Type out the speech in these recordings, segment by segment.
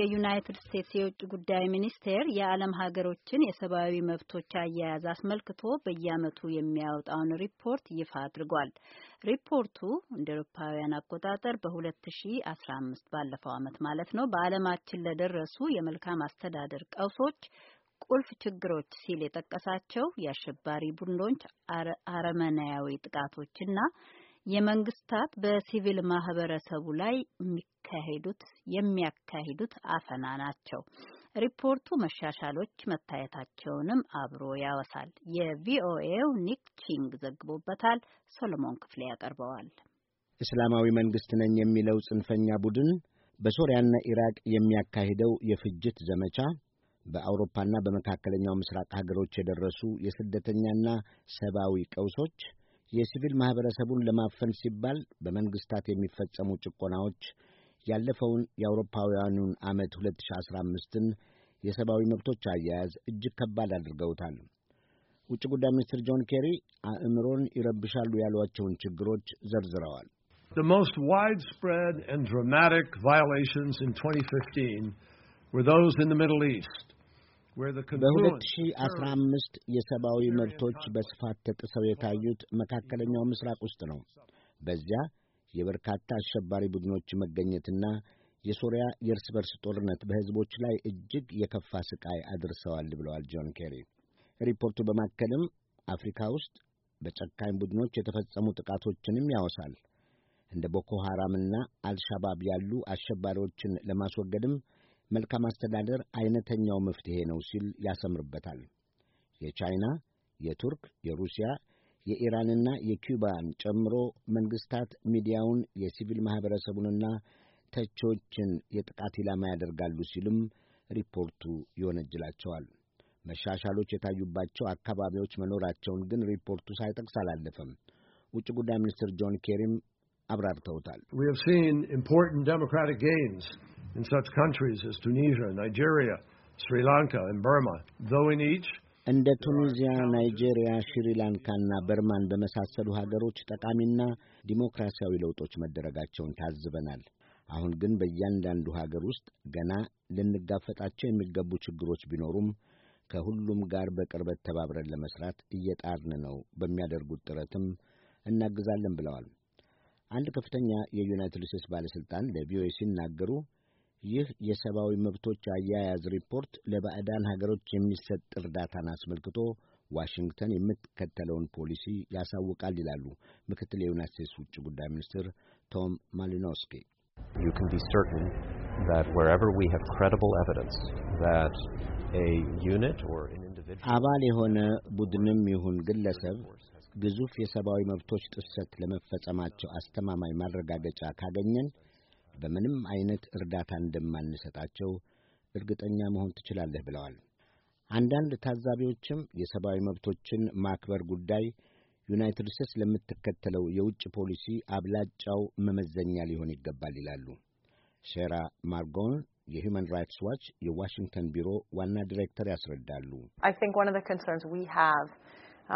የዩናይትድ ስቴትስ የውጭ ጉዳይ ሚኒስቴር የዓለም ሀገሮችን የሰብአዊ መብቶች አያያዝ አስመልክቶ በየዓመቱ የሚያወጣውን ሪፖርት ይፋ አድርጓል። ሪፖርቱ እንደ ኤሮፓውያን አቆጣጠር በ2015 ባለፈው ዓመት ማለት ነው በዓለማችን ለደረሱ የመልካም አስተዳደር ቀውሶች ቁልፍ ችግሮች ሲል የጠቀሳቸው የአሸባሪ ቡድኖች አረመናያዊ ጥቃቶችና የመንግስታት በሲቪል ማህበረሰቡ ላይ የሚካሄዱት የሚያካሂዱት አፈና ናቸው። ሪፖርቱ መሻሻሎች መታየታቸውንም አብሮ ያወሳል። የቪኦኤው ኒክ ቺንግ ዘግቦበታል። ሶሎሞን ክፍሌ ያቀርበዋል። እስላማዊ መንግስት ነኝ የሚለው ጽንፈኛ ቡድን በሶሪያና ኢራቅ የሚያካሂደው የፍጅት ዘመቻ በአውሮፓና በመካከለኛው ምስራቅ ሀገሮች የደረሱ የስደተኛና ሰብአዊ ቀውሶች የሲቪል ማኅበረሰቡን ለማፈን ሲባል በመንግሥታት የሚፈጸሙ ጭቆናዎች ያለፈውን የአውሮፓውያኑን ዓመት 2015ን የሰብአዊ መብቶች አያያዝ እጅግ ከባድ አድርገውታል። ውጭ ጉዳይ ሚኒስትር ጆን ኬሪ አእምሮን ይረብሻሉ ያሏቸውን ችግሮች ዘርዝረዋል። The most widespread and dramatic violations in 2015 were those in the Middle East. በ2015 የሰብአዊ መብቶች በስፋት ተጥሰው የታዩት መካከለኛው ምስራቅ ውስጥ ነው። በዚያ የበርካታ አሸባሪ ቡድኖች መገኘትና የሶሪያ የእርስ በርስ ጦርነት በሕዝቦች ላይ እጅግ የከፋ ስቃይ አድርሰዋል ብለዋል ጆን ኬሪ። ሪፖርቱ በማከልም አፍሪካ ውስጥ በጨካኝ ቡድኖች የተፈጸሙ ጥቃቶችንም ያወሳል። እንደ ቦኮ ሐራምና አልሻባብ ያሉ አሸባሪዎችን ለማስወገድም መልካም አስተዳደር አይነተኛው መፍትሔ ነው ሲል ያሰምርበታል። የቻይና፣ የቱርክ፣ የሩሲያ፣ የኢራንና የኪውባን ጨምሮ መንግሥታት ሚዲያውን፣ የሲቪል ማኅበረሰቡንና ተቾችን የጥቃት ኢላማ ያደርጋሉ ሲልም ሪፖርቱ ይወነጅላቸዋል። መሻሻሎች የታዩባቸው አካባቢዎች መኖራቸውን ግን ሪፖርቱ ሳይጠቅስ አላለፈም። ውጭ ጉዳይ ሚኒስትር ጆን ኬሪም አብራርተውታል። in such countries as Tunisia, Nigeria, Sri Lanka and Burma, though in each እንደ ቱኒዚያ፣ ናይጄሪያ፣ ሽሪላንካና በርማን በመሳሰሉ ሀገሮች ጠቃሚና ዲሞክራሲያዊ ለውጦች መደረጋቸውን ታዝበናል። አሁን ግን በእያንዳንዱ ሀገር ውስጥ ገና ልንጋፈጣቸው የሚገቡ ችግሮች ቢኖሩም ከሁሉም ጋር በቅርበት ተባብረን ለመስራት እየጣርን ነው። በሚያደርጉት ጥረትም እናግዛለን ብለዋል። አንድ ከፍተኛ የዩናይትድ ስቴትስ ባለሥልጣን ለቪኦኤ ሲናገሩ ይህ የሰብአዊ መብቶች አያያዝ ሪፖርት ለባዕዳን ሀገሮች የሚሰጥ እርዳታን አስመልክቶ ዋሽንግተን የምትከተለውን ፖሊሲ ያሳውቃል ይላሉ ምክትል የዩናይት ስቴትስ ውጭ ጉዳይ ሚኒስትር ቶም ማሊኖስኪ። አባል የሆነ ቡድንም ይሁን ግለሰብ ግዙፍ የሰብአዊ መብቶች ጥሰት ለመፈጸማቸው አስተማማኝ ማረጋገጫ ካገኘን በምንም አይነት እርዳታ እንደማንሰጣቸው እርግጠኛ መሆን ትችላለህ ብለዋል። አንዳንድ ታዛቢዎችም የሰብአዊ መብቶችን ማክበር ጉዳይ ዩናይትድ ስቴትስ ለምትከተለው የውጭ ፖሊሲ አብላጫው መመዘኛ ሊሆን ይገባል ይላሉ። ሴራ ማርጎን የሁማን ራይትስ ዋች የዋሽንግተን ቢሮ ዋና ዲሬክተር ያስረዳሉ።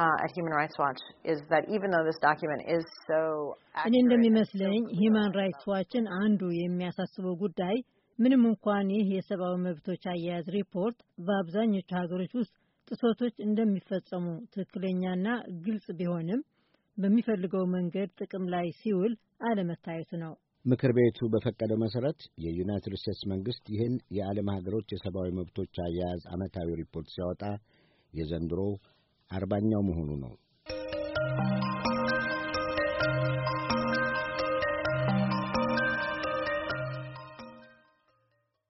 Uh, እኔ እንደሚመስለኝ ሂማን ራይትስ ዋችን አንዱ የሚያሳስበው ጉዳይ ምንም እንኳን ይህ የሰብአዊ መብቶች አያያዝ ሪፖርት በአብዛኞቹ ሀገሮች ውስጥ ጥሰቶች እንደሚፈጸሙ ትክክለኛና ግልጽ ቢሆንም በሚፈልገው መንገድ ጥቅም ላይ ሲውል አለመታየቱ ነው። ምክር ቤቱ በፈቀደው መሰረት የዩናይትድ ስቴትስ መንግስት ይህን የዓለም ሀገሮች የሰብአዊ መብቶች አያያዝ ዓመታዊ ሪፖርት ሲያወጣ የዘንድሮው አርባኛው መሆኑ ነው።